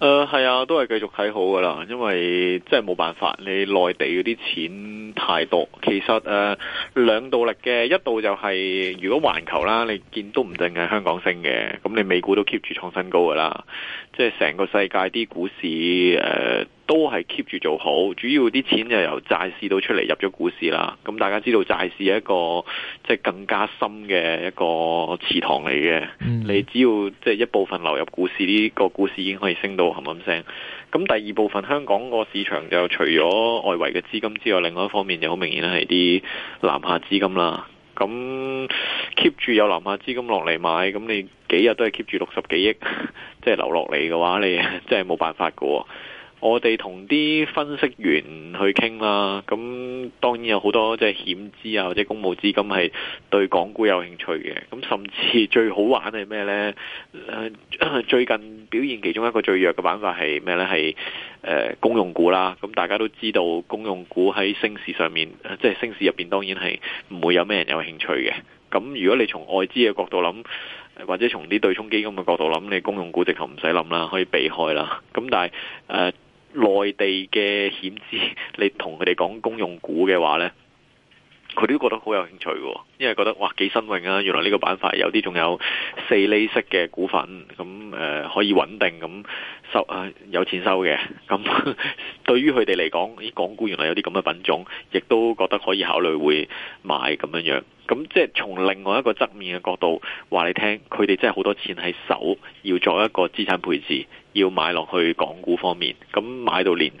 誒，係、呃、啊，都係繼續睇好噶啦，因為即係冇辦法，你內地嗰啲錢太多。其實誒，兩、呃、道力嘅，一道就係、是、如果環球啦，你見都唔淨係香港升嘅，咁你美股都 keep 住創新高噶啦，即係成個世界啲股市誒。呃都係 keep 住做好，主要啲錢就由債市到出嚟入咗股市啦。咁大家知道債市係一個即係、就是、更加深嘅一個池塘嚟嘅，你只要即係、就是、一部分流入股市，呢、這個股市已經可以升到冚冚聲。咁第二部分香港個市場就除咗外圍嘅資金之外，另外一方面就好明顯係啲南下資金啦。咁 keep 住有南下資金落嚟買，咁你幾日都係 keep 住六十幾億即係留落嚟嘅話，你真係冇辦法嘅。我哋同啲分析員去傾啦，咁當然有好多即係險資啊，或者公募資金係對港股有興趣嘅。咁甚至最好玩係咩呢、呃？最近表現其中一個最弱嘅玩法係咩呢？係、呃、公用股啦。咁大家都知道公用股喺升市上面，即係升市入邊，當然係唔會有咩人有興趣嘅。咁如果你從外資嘅角度諗，或者從啲對沖基金嘅角度諗，你公用股直頭唔使諗啦，可以避開啦。咁但係誒。呃內地嘅險資，你同佢哋講公用股嘅話咧？佢都覺得好有興趣喎，因為覺得哇幾新穎啊！原來呢個板塊有啲仲有四厘息嘅股份，咁誒、呃、可以穩定，咁收啊有錢收嘅。咁對於佢哋嚟講，啲港股原來有啲咁嘅品種，亦都覺得可以考慮會買咁樣樣。咁即係從另外一個側面嘅角度話你聽，佢哋真係好多錢喺手，要做一個資產配置，要買落去港股方面，咁買到連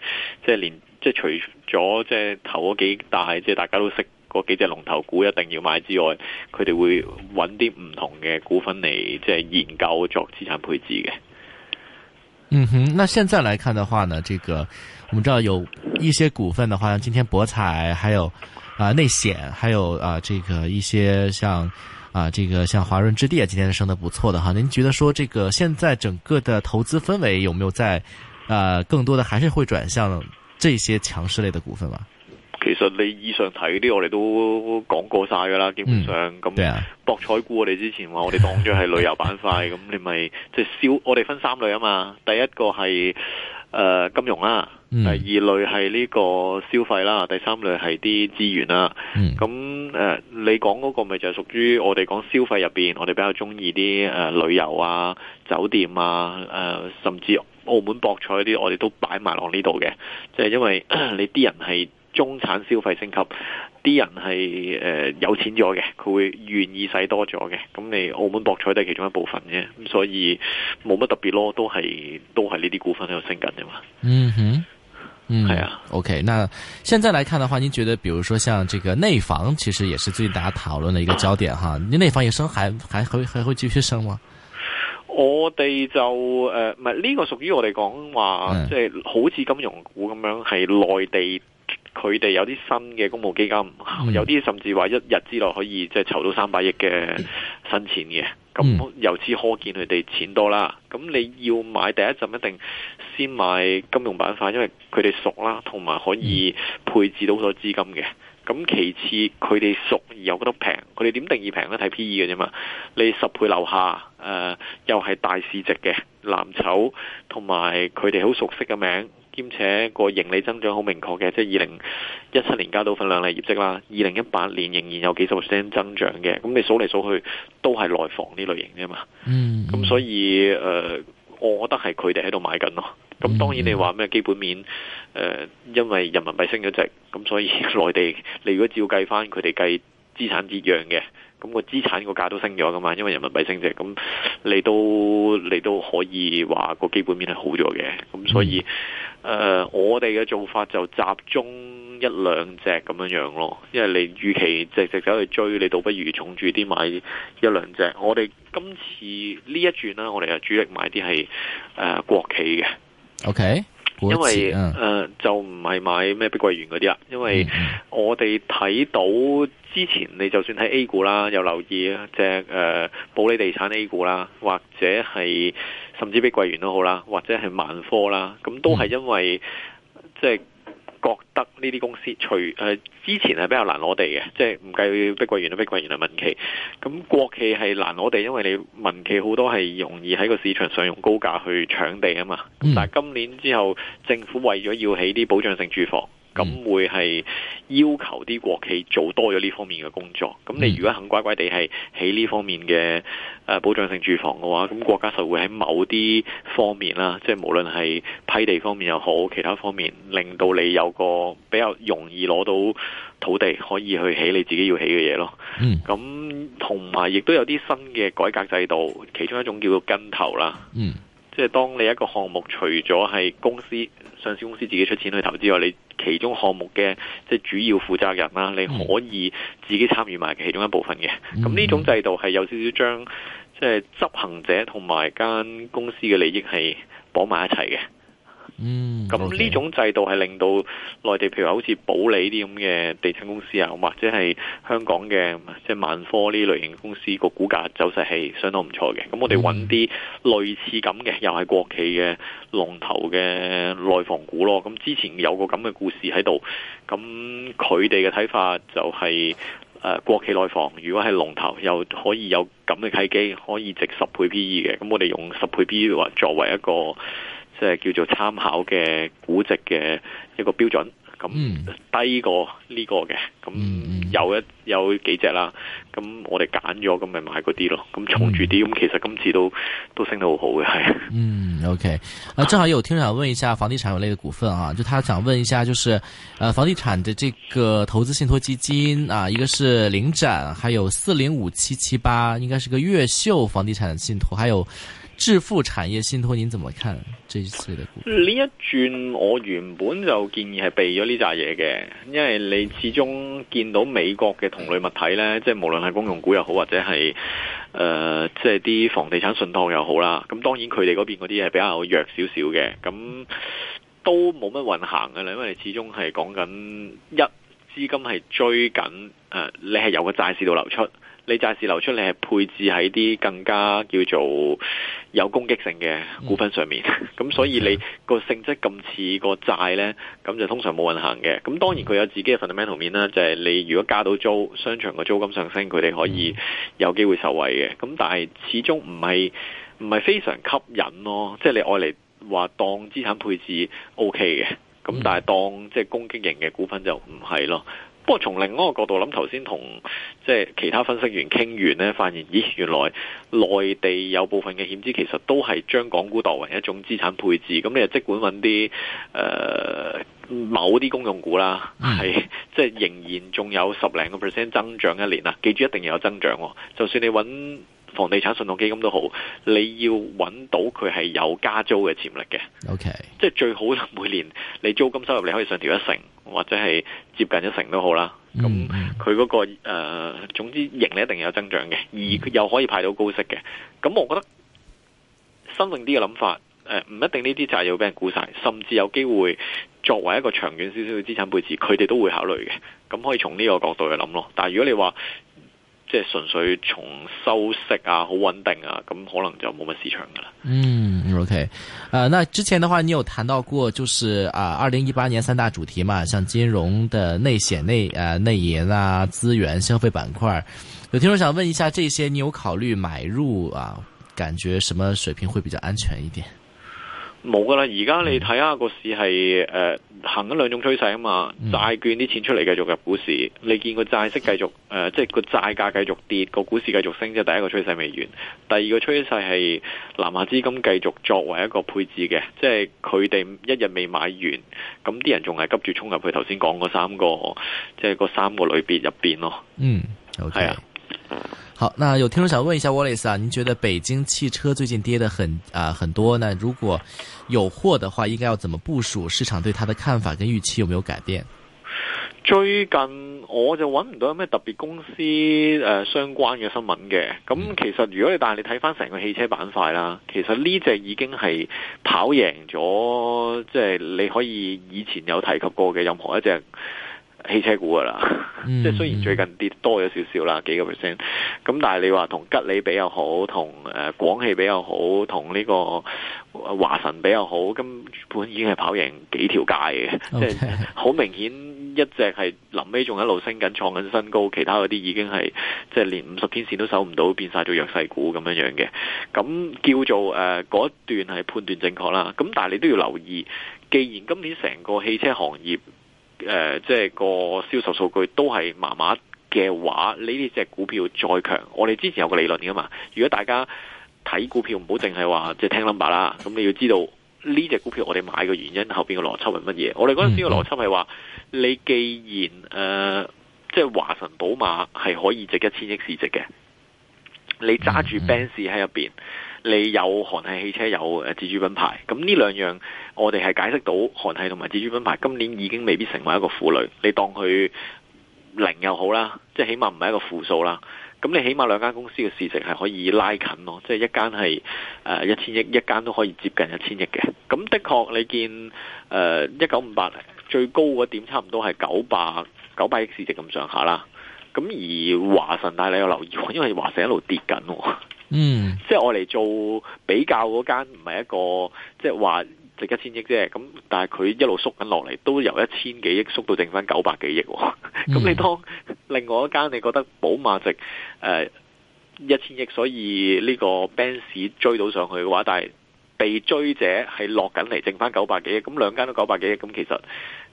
即係連即係除咗即係頭嗰幾大，即係大家都識。嗰幾隻龍頭股一定要買之外，佢哋會揾啲唔同嘅股份嚟，即係研究作資產配置嘅。嗯哼，那現在來看嘅話呢，這個我們知道有一些股份的話，像今天博彩，還有啊內險，還有啊、呃、這個一些像啊、呃、這個像華潤置地啊，今天升得不錯嘅。哈。您覺得說，這個現在整個的投資氛圍有沒有在啊、呃、更多的還是會轉向這些強勢類嘅股份嗎？其實你以上睇啲，我哋都講過晒噶啦，基本上咁博彩股，我哋之前話我哋當咗係旅遊板塊，咁 你咪即係消，我哋分三類啊嘛，第一個係誒、呃、金融啦，嗯、第二類係呢個消費啦，第三類係啲資源啦。咁誒、嗯呃，你講嗰個咪就係屬於我哋講消費入邊，我哋比較中意啲誒旅遊啊、酒店啊，誒、呃、甚至澳門博彩啲，我哋都擺埋落呢度嘅，即、就、係、是、因為 你啲人係。中產消費升級，啲人係誒、呃、有錢咗嘅，佢會願意使多咗嘅。咁你澳門博彩都係其中一部分啫，咁所以冇乜特別咯，都係都係呢啲股份喺度升緊啫嘛。嗯哼，嗯係啊。OK，那現在來看嘅話，你覺得，比如說像這個內房，其實也是最近大家討論嘅一個焦點、呃、哈。你內房也升還還，還會還會繼續升嗎？我哋就誒，唔係呢個屬於我哋講話，即係、嗯、好似金融股咁樣，係內地。佢哋有啲新嘅公募基金，有啲甚至話一日之內可以即係籌到三百億嘅新錢嘅，咁由此可見佢哋錢多啦。咁你要買第一陣一定先買金融板塊，因為佢哋熟啦，同埋可以配置到好多資金嘅。咁其次佢哋熟而又覺得平，佢哋點定義平呢？睇 P E 嘅啫嘛，你十倍樓下，誒、呃、又係大市值嘅藍籌，同埋佢哋好熟悉嘅名。兼且個盈利增長好明確嘅，即係二零一七年加到份量啦，業績啦，二零一八年仍然有幾十 percent 增長嘅，咁你數嚟數去都係內房呢類型啫嘛，咁、嗯嗯、所以誒，我覺得係佢哋喺度買緊咯，咁、嗯、當然你話咩基本面誒、呃，因為人民幣升咗值，咁所以內地你如果照計翻佢哋計資產折讓嘅。咁個資產個價都升咗噶嘛，因為人民幣升值，咁你都你都可以話個基本面係好咗嘅，咁所以誒、嗯呃、我哋嘅做法就集中一兩隻咁樣樣咯，因為你預期直直走去追，你倒不如重注啲買一兩隻。我哋今次呢一轉呢，我哋就主力買啲係誒國企嘅。OK。因為誒、呃、就唔係買咩碧桂園嗰啲啦，因為我哋睇到之前，你就算喺 A 股啦，有留意即係誒、呃、保利地產 A 股啦，或者係甚至碧桂園都好啦，或者係萬科啦，咁都係因為、嗯、即係。覺得呢啲公司除誒、呃、之前係比較難攞地嘅，即係唔計碧桂園啦、碧桂園同民企咁國企係難攞地，因為你民企好多係容易喺個市場上用高價去搶地啊嘛。咁但係今年之後，政府為咗要起啲保障性住房。咁、嗯、會係要求啲國企做多咗呢方面嘅工作，咁你如果肯乖乖地係起呢方面嘅誒保障性住房嘅話，咁國家就會喺某啲方面啦，即係無論係批地方面又好，其他方面令到你有個比較容易攞到土地可以去起你自己要起嘅嘢咯。咁同埋亦都有啲新嘅改革制度，其中一種叫做跟投啦。嗯即係當你一個項目，除咗係公司、上市公司自己出錢去投之外，你其中項目嘅即係主要負責人啦，你可以自己參與埋其中一部分嘅。咁呢種制度係有少少將即係執行者同埋間公司嘅利益係綁埋一齊嘅。嗯，咁呢種制度係令到內地譬如話好似保利啲咁嘅地產公司啊，或者係香港嘅即係萬科呢類型公司個股價走勢係相當唔錯嘅。咁我哋揾啲類似咁嘅，又係國企嘅龍頭嘅內房股咯。咁之前有個咁嘅故事喺度，咁佢哋嘅睇法就係、是、誒、呃、國企內房如果係龍頭，又可以有咁嘅契機，可以值十倍 P E 嘅。咁我哋用十倍 P E 話作為一個。即係叫做參考嘅估值嘅一個標準，咁低過呢個嘅，咁、嗯、有一有幾隻啦，咁我哋揀咗，咁咪買嗰啲咯，咁重住啲，咁、嗯、其實今次都都升得好好嘅，係。嗯，OK，啊，正好有聽眾想問一下房地產有類嘅股份啊，就他想問一下，就是，房地產嘅這個投資信託基金啊，一個是領展，還有四零五七七八，應該是個越秀房地產信託，還有。致富產業信託，你怎麼看這，這一次的？呢一轉，我原本就建議係避咗呢扎嘢嘅，因為你始終見到美國嘅同類物體呢，即係無論係公用股又好，或者係、呃、即係啲房地產信託又好啦。咁當然佢哋嗰邊嗰啲係比較弱少少嘅，咁都冇乜運行嘅啦。因為你始終係講緊一資金係追緊，呃、你係有個債市度流出。你債市流出，你係配置喺啲更加叫做有攻擊性嘅股份上面，咁、嗯、 所以你個性質咁似、個債呢，咁就通常冇運行嘅。咁當然佢有自己嘅 fundamental 面啦，就係、是、你如果加到租商場個租金上升，佢哋可以有機會受惠嘅。咁但係始終唔係唔係非常吸引咯，即、就、係、是、你愛嚟話當資產配置 O K 嘅，咁但係當即係、就是、攻擊型嘅股份就唔係咯。不過從另一個角度諗，頭先同即係其他分析員傾完呢，發現咦原來內地有部分嘅險資其實都係將港股當為一種資產配置，咁你就即管揾啲誒某啲公用股啦，係即係仍然仲有十零個 percent 增長一年喇，記住一定要有增長，就算你揾。房地產信託基金都好，你要揾到佢係有加租嘅潛力嘅。O Okay . K，即係最好每年你租金收入你可以上調一,一成，或者係接近一成都好啦。咁佢嗰個誒、呃，總之盈利一定有增長嘅，而佢又可以派到高息嘅。咁、mm. 我覺得新定啲嘅諗法，誒、呃、唔一定呢啲債要俾人估晒，甚至有機會作為一個長遠少少嘅資產配置，佢哋都會考慮嘅。咁可以從呢個角度去諗咯。但係如果你話，即係純粹從收息啊，好穩定啊，咁可能就冇乜市場㗎啦、嗯。嗯，OK，啊、呃，那之前的話，你有談到過，就是啊，二零一八年三大主題嘛，像金融的內險內啊內銀啊資源消費板塊，有聽眾想問一下，這些你有考慮買入啊？感覺什麼水平會比較安全一點？冇噶啦，而家你睇下個市係誒、呃、行緊兩種趨勢啊嘛，債券啲錢出嚟繼續入股市，你見個債息繼續誒、呃，即係個債價繼續跌，個股市繼續升，即係第一個趨勢未完。第二個趨勢係南下資金繼續作為一個配置嘅，即係佢哋一日未買完，咁啲人仲係急住衝入去頭先講嗰三個，即係嗰三個類別入邊咯。嗯，係、okay. 啊。好，那有聽眾想問一下 Wallace 啊，您覺得北京汽車最近跌得很啊、呃、很多？呢？如果有貨的話，應該要怎麼部署？市場對它的看法跟預期有沒有改變？最近我就揾唔到有咩特別公司誒、呃、相關嘅新聞嘅。咁其實如果你但係你睇翻成個汽車板塊啦，其實呢隻已經係跑贏咗，即、就、係、是、你可以以前有提及過嘅任何一隻。汽車股噶啦，嗯嗯即係雖然最近跌多咗少少啦，幾個 percent，咁但係你話同吉利比又好，同誒廣汽比又好，同呢個華晨比又好，根本已經係跑贏幾條街嘅，Okay. 即係好明顯一隻係臨尾仲一路升緊，創緊新高，其他嗰啲已經係即係連五十天線都守唔到，變晒做弱勢股咁樣樣嘅，咁叫做誒嗰一段係判斷正確啦，咁但係你都要留意，既然今年成個汽車行業。誒、呃，即係個銷售數據都係麻麻嘅話，你呢隻股票再強，我哋之前有個理論噶嘛。如果大家睇股票，唔好淨係話即係聽 number 啦，咁你要知道呢隻股票我哋買嘅原因，後邊嘅邏輯係乜嘢？我哋嗰陣時嘅邏輯係話，你既然誒、呃，即係華晨寶馬係可以值一千億市值嘅，你揸住 Benz 喺入邊。你有韓系汽車有自主品牌，咁呢兩樣我哋係解釋到韓系同埋自主品牌今年已經未必成為一個負累，你當佢零又好啦，即係起碼唔係一個負數啦。咁你起碼兩間公司嘅市值係可以拉近咯，即係一間係誒一千億，一間都可以接近一千億嘅。咁的確你見誒一九五八最高嗰點差唔多係九百九百億市值咁上下啦。咁而華晨，但你有留意喎，因為華晨一路跌緊。嗯，即係我嚟做比較嗰間唔係一個即係話值一千億啫，咁但係佢一路縮緊落嚟，都由一千幾億縮到剩翻九百幾億。咁、嗯、 你當另外一間你覺得寶馬值誒一千億，所以呢個 Bans 追到上去嘅話，但係被追者係落緊嚟，剩翻九百幾億，咁兩間都九百幾億，咁其實。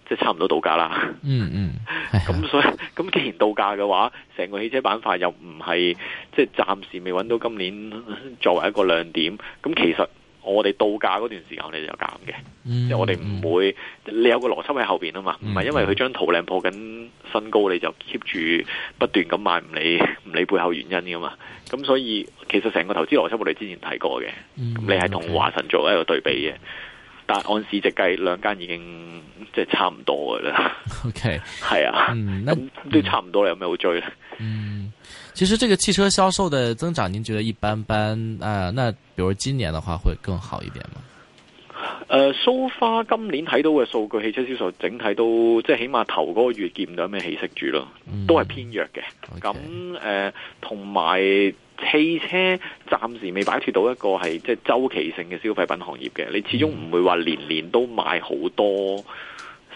即係差唔多度假啦、嗯。嗯嗯，咁 所以咁既然度假嘅話，成個汽車板塊又唔係即係暫時未揾到今年作為一個亮點。咁其實我哋度假嗰段時間，我哋就減嘅。即係、嗯、我哋唔會，嗯、你有個邏輯喺後邊啊嘛。唔係、嗯、因為佢張圖靚破緊新高，你就 keep 住不斷咁買，唔理唔理背後原因噶嘛。咁所以其實成個投資邏輯我哋之前睇過嘅。嗯、你係同華晨做一個對比嘅。但按市值計，兩間已經即係差唔多㗎喇。OK，係啊，咁、嗯、都差唔多啦，有咩好追咧？嗯，其實這個汽車銷售的增長，您覺得一般般啊、呃？那比如今年的話，會更好一點嗎？蘇花、uh, so、今年睇到嘅數據，汽車銷售整體都即係起碼頭嗰個月見唔到咩氣息住咯，嗯、都係偏弱嘅。咁誒 Okay.，同、uh, 埋汽車暫時未擺脫到一個係即係周期性嘅消費品行業嘅，你始終唔會話年年都賣好多。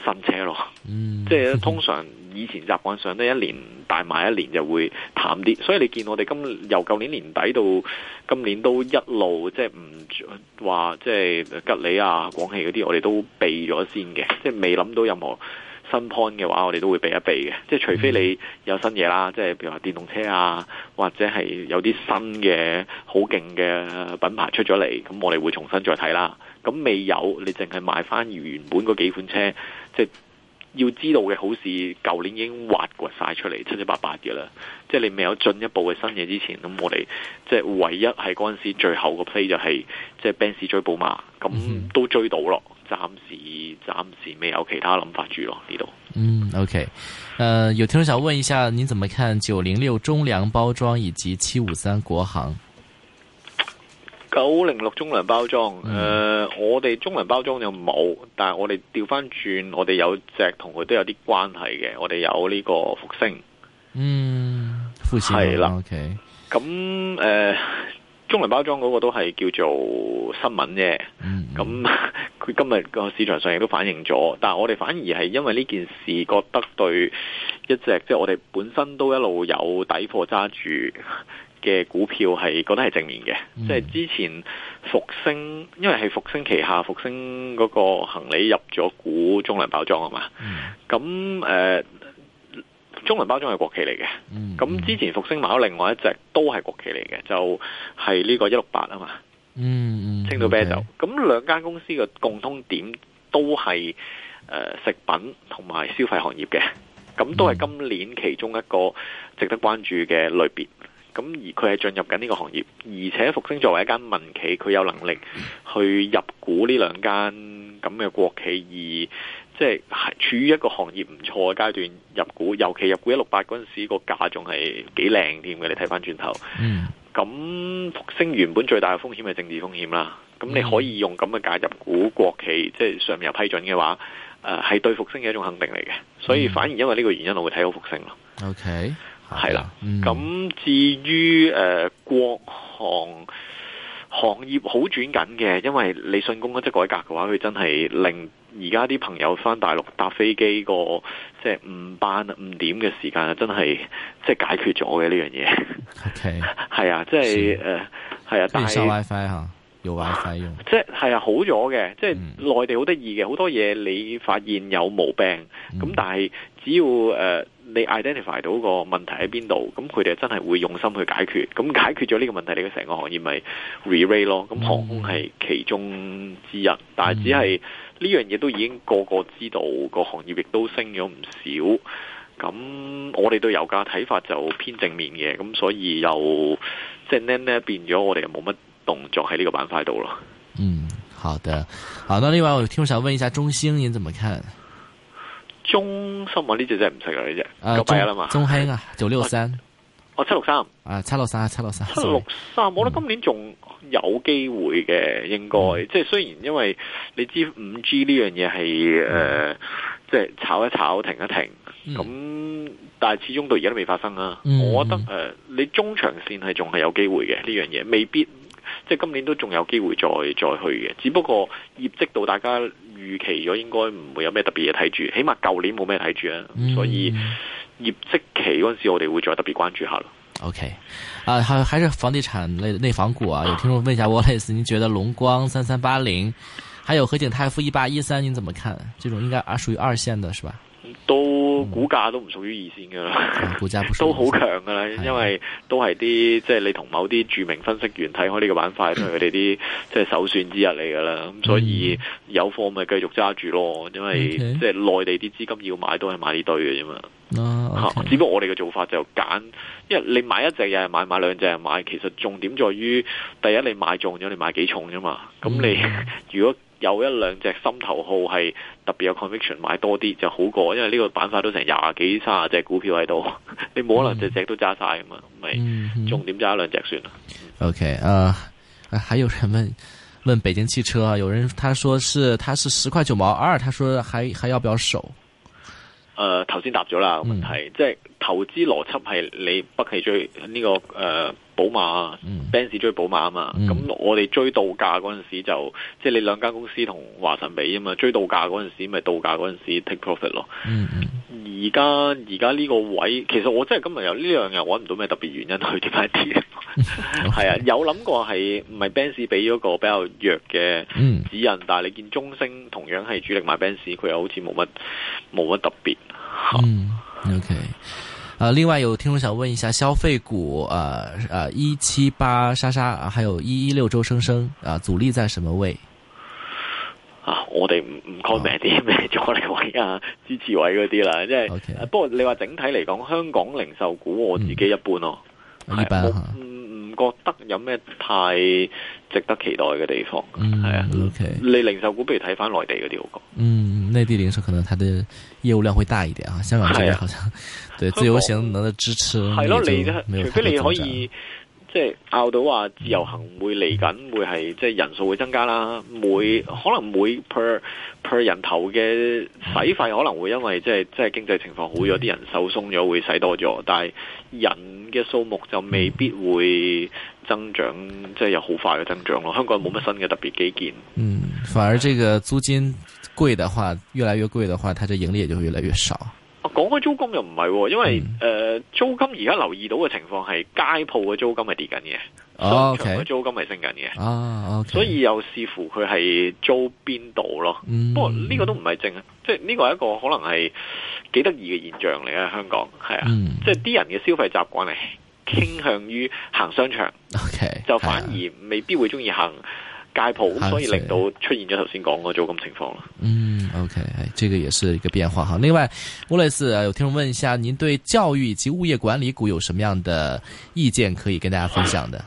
新車咯，即係通常以前習慣上一年大賣一年就會淡啲，所以你見我哋今由舊年年底到今年都一路即係唔話即係吉利啊、廣汽嗰啲，我哋都避咗先嘅，即係未諗到任何新 point 嘅話，我哋都會避一避嘅，即係除非你有新嘢啦，即係譬如話電動車啊，或者係有啲新嘅好勁嘅品牌出咗嚟，咁我哋會重新再睇啦。咁未有，你淨係賣翻原本嗰幾款車，即係要知道嘅好事，舊年已經挖掘晒出嚟，七七八八嘅啦。即係你未有進一步嘅新嘢之前，咁我哋即係唯一係嗰陣時最後個 play 就係即係 Benz 追寶馬，咁都追到咯、嗯哼。暫時暫時未有其他諗法住咯呢度。嗯，OK，誒、uh,，有聽眾想問一下，你怎麼看九零六中糧包裝以及七五三國航？九零六中糧包裝，誒、嗯呃，我哋中糧包裝就冇，但係我哋掉返轉，我哋有隻同佢都有啲關係嘅，我哋有呢個復星，嗯，係啦的，OK，咁誒、呃，中糧包裝嗰個都係叫做新聞啫，咁佢、嗯嗯、今日個市場上亦都反映咗，但係我哋反而係因為呢件事覺得對一隻，即、就、係、是、我哋本身都一路有底貨揸住。嘅股票係覺得係正面嘅，嗯、即係之前復星，因為係復星旗下復星嗰個行李入咗股中糧包裝啊嘛，咁誒、嗯呃、中糧包裝係國企嚟嘅，咁、嗯、之前復星買咗另外一隻都係國企嚟嘅，就係、是、呢個一六八啊嘛，嗯嗯，青、嗯、島啤酒，咁 okay. 兩間公司嘅共通點都係誒、呃、食品同埋消費行業嘅，咁都係今年其中一個值得關注嘅類別。咁而佢係進入緊呢個行業，而且復星作為一間民企，佢有能力去入股呢兩間咁嘅國企，而即係處於一個行業唔錯嘅階段入股，尤其入股一六八嗰陣時個價仲係幾靚添嘅。你睇翻轉頭，咁復星、嗯、原本最大嘅風險係政治風險啦。咁、嗯、你可以用咁嘅價入股國企，即係上面有批准嘅話，誒、呃、係對復星嘅一種肯定嚟嘅。所以反而因為呢個原因，我會睇好復星咯。OK。係啦，咁、嗯、至於誒、呃、國行行業好轉緊嘅，因為你信公一即改革嘅話，佢真係令而家啲朋友翻大陸搭飛機，那個即係五班五點嘅時間真，真係即係解決咗嘅呢樣嘢。係啊 Okay, 即係係啊，連的、呃、收 WiFi 吓即係係啊，好咗嘅，即係內地好得意嘅，好多嘢你發現有毛病，咁但係只要誒、呃、你 identify 到個問題喺邊度，咁佢哋真係會用心去解決，咁解決咗呢個問題，你嘅成個行業咪 re-rate 咯，咁航空係其中之一，但係只係呢樣嘢都已經個個知道，個行業亦都升咗唔少，咁我哋對油價睇法就偏正面嘅，咁所以又即係呢呢變咗我哋又冇乜。動作喺呢個板塊度咯。嗯，好嘅。好。那另外我聽，我想問一下中興，你怎麼看？中芯我呢隻真係唔識啊，呢隻九八啦嘛，中興啊，九六三，哦、啊、七六三啊，七六三，七六三，七六三，我覺得今年仲有機會嘅，嗯、應該即係雖然因為你知五 G 呢樣嘢係誒，嗯、即係炒一炒停一停，咁、嗯、但係始終到而家都未發生啊。嗯、我覺得誒、呃，你中長線係仲係有機會嘅呢樣嘢，未必。即係今年都仲有機會再再去嘅，只不過業績到大家預期咗，應該唔會有咩特別嘢睇住，起碼舊年冇咩睇住啊，所以業績期嗰陣時，我哋會再特別關注一下咯、嗯。OK，啊，還還是房地產類內房股啊，有聽眾問一下 w a a 類似你覺得龍光三三八零，還有和景泰富一八一三，你怎麼看？這種應該啊屬於二線的，是吧？嗯、股價都唔屬於二線噶啦，嗯、股不都好強噶啦，的因為都係啲即係你同某啲著名分析員睇開呢個板塊，都係佢哋啲即係首選之一嚟噶啦。咁所以有貨咪繼續揸住咯，因為即係內地啲資金要買都係買呢堆嘅啫嘛。啊、okay, 只不過我哋嘅做法就揀，因為你買一隻又係買，買兩隻又買，其實重點在於第一你買中咗，你買幾重啫嘛。咁你、嗯、如果有一兩隻心頭號係特別有 conviction 買多啲就好過，因為呢個板塊都成廿幾卅隻股票喺度，你冇可能隻隻都揸曬㗎嘛，咪重點揸一兩隻算啦。OK 啊、呃，還有人問，問北京汽車啊，有人他說是他是十塊九毛二，他說還還要不要守？誒、呃，頭先答咗啦，問題、嗯、即投資邏輯係你北汽追呢、這個誒、呃、寶馬啊 Benz 追寶馬啊嘛，咁、嗯、我哋追到價嗰陣時就即係、就是、你兩間公司同華晨比啊嘛，追到價嗰陣時咪、就是、到價嗰陣時 take profit 咯。而家而家呢個位，其實我真係今日有呢樣嘢揾唔到咩特別原因去點解跌。係、嗯 okay, 啊，有諗過係唔係 Benz 俾咗個比較弱嘅指引，嗯、但係你見中升同樣係主力買 Benz 佢又好似冇乜冇乜特別。嗯，OK。啊、另外有聽眾想問一下消費股，啊啊一七八莎莎、啊、還有一一六周生生啊，阻力在什麼位？啊，我哋唔唔 comment 啲咩阻力位啊支持位嗰啲啦，即係 okay, 不過你話整體嚟講，香港零售股我自己一般咯、哦、嗯、是一般唔唔覺得有咩太值得期待嘅地方，係、嗯、啊、啊 okay, 你零售股不如睇翻內地嗰啲好過，我覺嗯，內地零售可能它的業務量會大一點啊，香港真係好像、啊。對港自由行嘅支持係咯，對了你除非你可以即係拗到話自由行會嚟緊，嗯、會係即係人數會增加啦。每、嗯、可能每 per per 人頭嘅使費可能會因為即係即係經濟情況好咗，啲、嗯、人手鬆咗會使多咗，但係人嘅數目就未必會增長，即係、嗯、有好快嘅增長咯。香港冇乜新嘅特別基建。嗯，嗯，反而這個租金貴的話，越來越貴的話，佢嘅盈利也就會越來越少。講開租金又唔係，因為誒、嗯呃、租金而家留意到嘅情況係街鋪嘅租金係跌緊嘅，商場嘅租金係升緊嘅，哦、okay, 所以又視乎佢係租邊度咯。嗯、不過呢個都唔係正，即係呢個係一個可能係幾得意嘅現象嚟嘅，香港，係啊，嗯、即係啲人嘅消費習慣嚟，傾向於行商場，okay, 就反而未必會中意行。介普，所以令到出現咗頭先講個做空情況咯，啊。嗯，OK，誒，這個也是一個變化哈。另外，吳女士有聽眾問一下，您對教育以及物業管理股有什麼樣的意見可以跟大家分享的？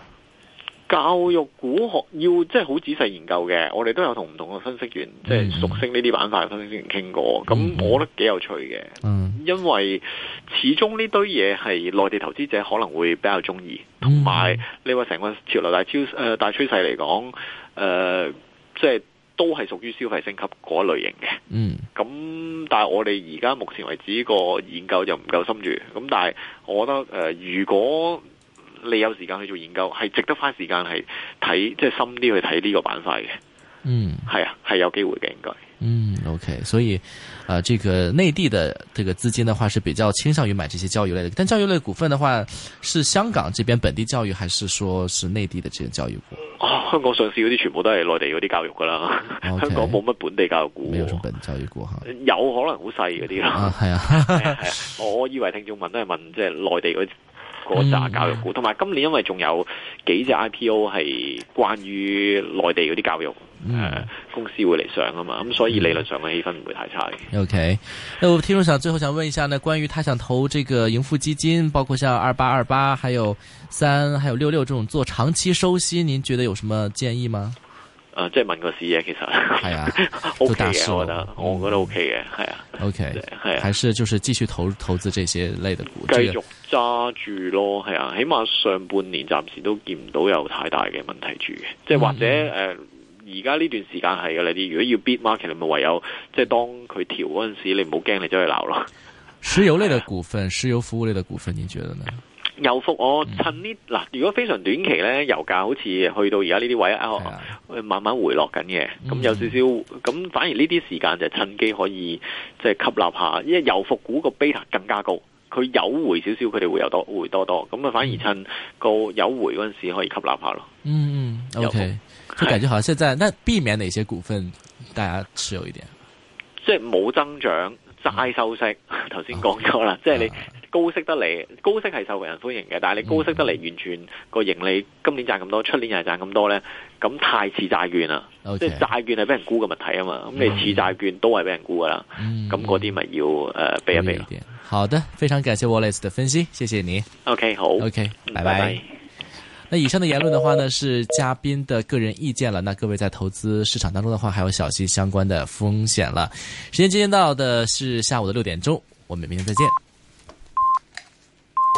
教育股好要即係好仔細研究嘅，我哋都有不同唔同嘅分析員，即係、嗯、熟悉呢啲板塊分析員傾過，咁我覺得幾有趣嘅。嗯，因為始終呢堆嘢係內地投資者可能會比較中意，同埋你話成個潮流大超誒大趨勢嚟講。誒、呃，即係都係屬於消費升級嗰類型嘅。嗯。咁但係我哋而家目前為止個研究，又唔夠深住。咁但係我覺得誒、呃，如果你有時間去做研究，係值得花時間係睇，即係深啲去睇呢個板塊嘅。嗯。係啊，係有機會嘅應該。嗯，OK，所以，啊、呃，這個內地的這個資金的話是比較傾向於買這些教育類的，但教育類股份的話，是香港這邊本地教育，還是說是內地的這教育股？哦，香港上市嗰啲全部都係內地嗰啲教育㗎喇，okay, 香港冇乜本地教育股，冇乜本地教育股，啊、有可能好細嗰啲咯，係啊，係啊, 啊，啊，我以為聽眾問都係問即係內地嗰。嗰扎教育股，同埋今年因為仲有幾隻 IPO 係關於內地嗰啲教育誒公司會嚟上啊嘛，咁所以理論上嘅氣氛唔會太差嘅。OK，那我聽眾想最後想問一下，呢關於他想投這個盈富基金，包括像二八二八，還有三，還有六六這種做長期收息，您覺得有什麼建議嗎？誒，即係、嗯、問個市嘅，其實係啊，O K 嘅，哎 okay、嘅我覺得，O K 嘅，係啊，O K，係啊，okay, 是啊還是就是繼續投投資這些類的股，繼續揸住咯，係啊、這個，起碼上半年暫時都見唔到有太大嘅問題住嘅，即係、嗯、或者誒，而家呢段時間係嗰啲，如果要 beat market，咪唯有即係、就是、當佢調嗰陣時候，你唔好驚，你走去鬧咯。石油類的股份、石、啊、油服務類的股份，你覺得呢？油服我趁呢，嗱，如果非常短期咧，油價好似去到而家呢啲位，啊、慢慢回落緊嘅，咁、嗯、有少少，咁反而呢啲時間就趁機可以即係吸納下，因為油服股個貝塔更加高，佢有回少少，佢哋會有多回多多，咁啊反而趁個有回嗰陣時可以吸納下咯。嗯 o、okay, k 是就感覺好像現在，那避免哪些股份大家持有一點？即係冇增長、齋收息，頭先講咗啦，哦、即係你。啊高息得嚟，高息係受人歡迎嘅。但係你高息得嚟，嗯、完全個盈利今年賺咁多，出年又係賺咁多呢？咁太似債券啦，okay, 即係債券係俾人估嘅問題啊嘛。咁你似債券都係俾人估噶啦，咁嗰啲咪要誒避、嗯、一避好，好的，非常感謝 Wallace 的分析，謝謝你。OK，好，OK，拜拜。Bye bye 那以上的言論的話呢，是嘉賓的個人意見了。那各位在投資市場當中的話，還有小心相關的風險了。時間今天到的是下午的六點鐘，我們明天再見。